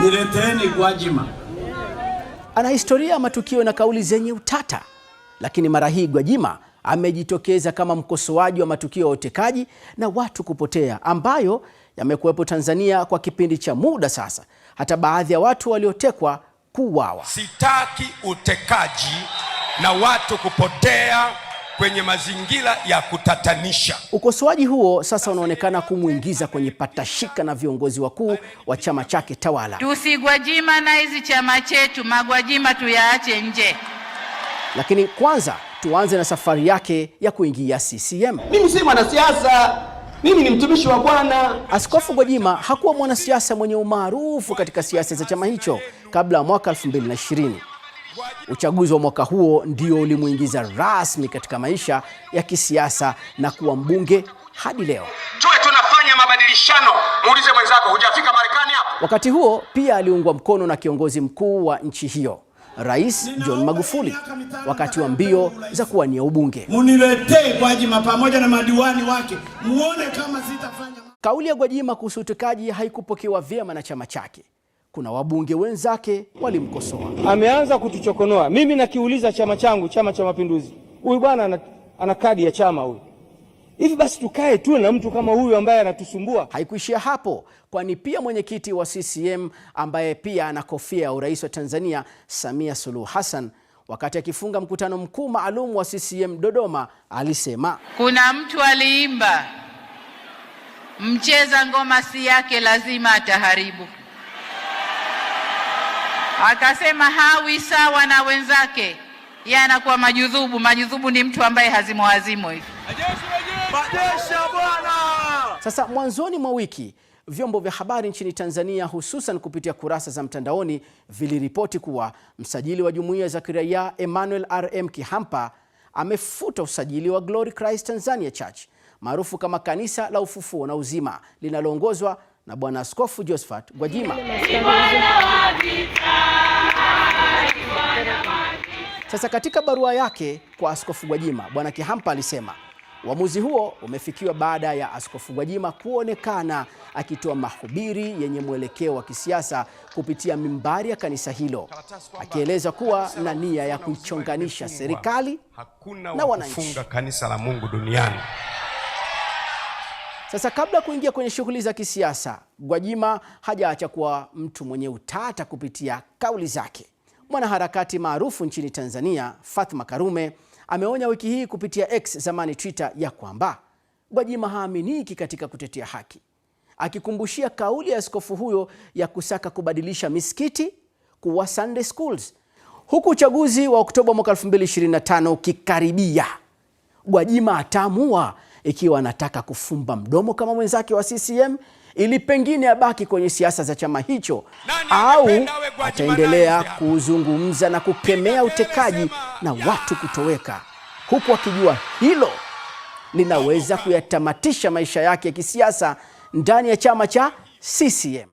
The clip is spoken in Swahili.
nileteni Gwajima. Ana historia ya matukio na kauli zenye utata, lakini mara hii Gwajima amejitokeza kama mkosoaji wa matukio ya utekaji na watu kupotea ambayo yamekuwepo Tanzania kwa kipindi cha muda sasa, hata baadhi ya watu waliotekwa kuuawa. Sitaki utekaji na watu kupotea kwenye mazingira ya kutatanisha. Ukosoaji huo sasa unaonekana kumwingiza kwenye patashika na viongozi wakuu wa chama chake tawala. Tusigwajima na hizi chama chetu, magwajima tuyaache nje. Lakini kwanza tuanze na safari yake ya kuingia CCM. Mimi si mwanasiasa, mimi ni mtumishi wa Bwana. Askofu Gwajima hakuwa mwanasiasa mwenye umaarufu katika siasa za chama hicho kabla ya mwaka 2020. Uchaguzi wa mwaka huo ndio ulimuingiza rasmi katika maisha ya kisiasa na kuwa mbunge hadi leo. Tuwe tunafanya mabadilishano, muulize mwenzako, hujafika Marekani hapo. Wakati huo pia aliungwa mkono na kiongozi mkuu wa nchi hiyo Rais John Magufuli wakati wa mbio za kuwania ubunge. Muniletee Gwajima pamoja na madiwani wake, muone kama sitafanya. Kauli ya Gwajima kuhusu utekaji haikupokewa vyema na chama chake kuna wabunge wenzake walimkosoa. Ameanza kutuchokonoa. Mimi nakiuliza chama changu, Chama cha Mapinduzi, huyu bwana ana, ana kadi ya chama huyu Hivi basi tukae tuwe na mtu kama huyu ambaye anatusumbua? Haikuishia hapo, kwani pia mwenyekiti wa CCM ambaye pia ana kofia ya urais wa Tanzania, Samia Suluhu Hassan, wakati akifunga mkutano mkuu maalum wa CCM Dodoma, alisema kuna mtu aliimba, mcheza ngoma si yake lazima ataharibu akasema hawi sawa na wenzake, yeye anakuwa majudhubu. Majudhubu ni mtu ambaye hazimwazimu hivi. Sasa mwanzoni mwa wiki vyombo vya habari nchini Tanzania hususan kupitia kurasa za mtandaoni viliripoti kuwa msajili wa jumuiya za kiraia Emmanuel RM Kihampa amefuta usajili wa Glory Christ Tanzania Church maarufu kama kanisa la ufufuo na uzima linaloongozwa na Bwana Askofu Josephat Gwajima. Sasa katika barua yake kwa Askofu Gwajima, Bwana Kihampa alisema uamuzi huo umefikiwa baada ya Askofu Gwajima kuonekana akitoa mahubiri yenye mwelekeo wa kisiasa kupitia mimbari ya kanisa hilo, akieleza kuwa na nia ya kuichonganisha serikali na wananchi. Hakuna kufunga kanisa la Mungu duniani. Sasa kabla kuingia kwenye shughuli za kisiasa, Gwajima hajaacha kuwa mtu mwenye utata kupitia kauli zake. Mwanaharakati maarufu nchini Tanzania, Fatma Karume, ameonya wiki hii kupitia X, zamani Twitter, ya kwamba Gwajima haaminiki katika kutetea haki, akikumbushia kauli ya askofu huyo ya kusaka kubadilisha misikiti kuwa Sunday schools. Huku uchaguzi wa Oktoba mwaka 2025 ukikaribia, Gwajima ataamua ikiwa anataka kufumba mdomo kama mwenzake wa CCM ili pengine abaki kwenye siasa za chama hicho au ataendelea kuzungumza na kukemea utekaji na watu kutoweka, huku akijua hilo linaweza kuyatamatisha maisha yake ya kisiasa ndani ya chama cha CCM.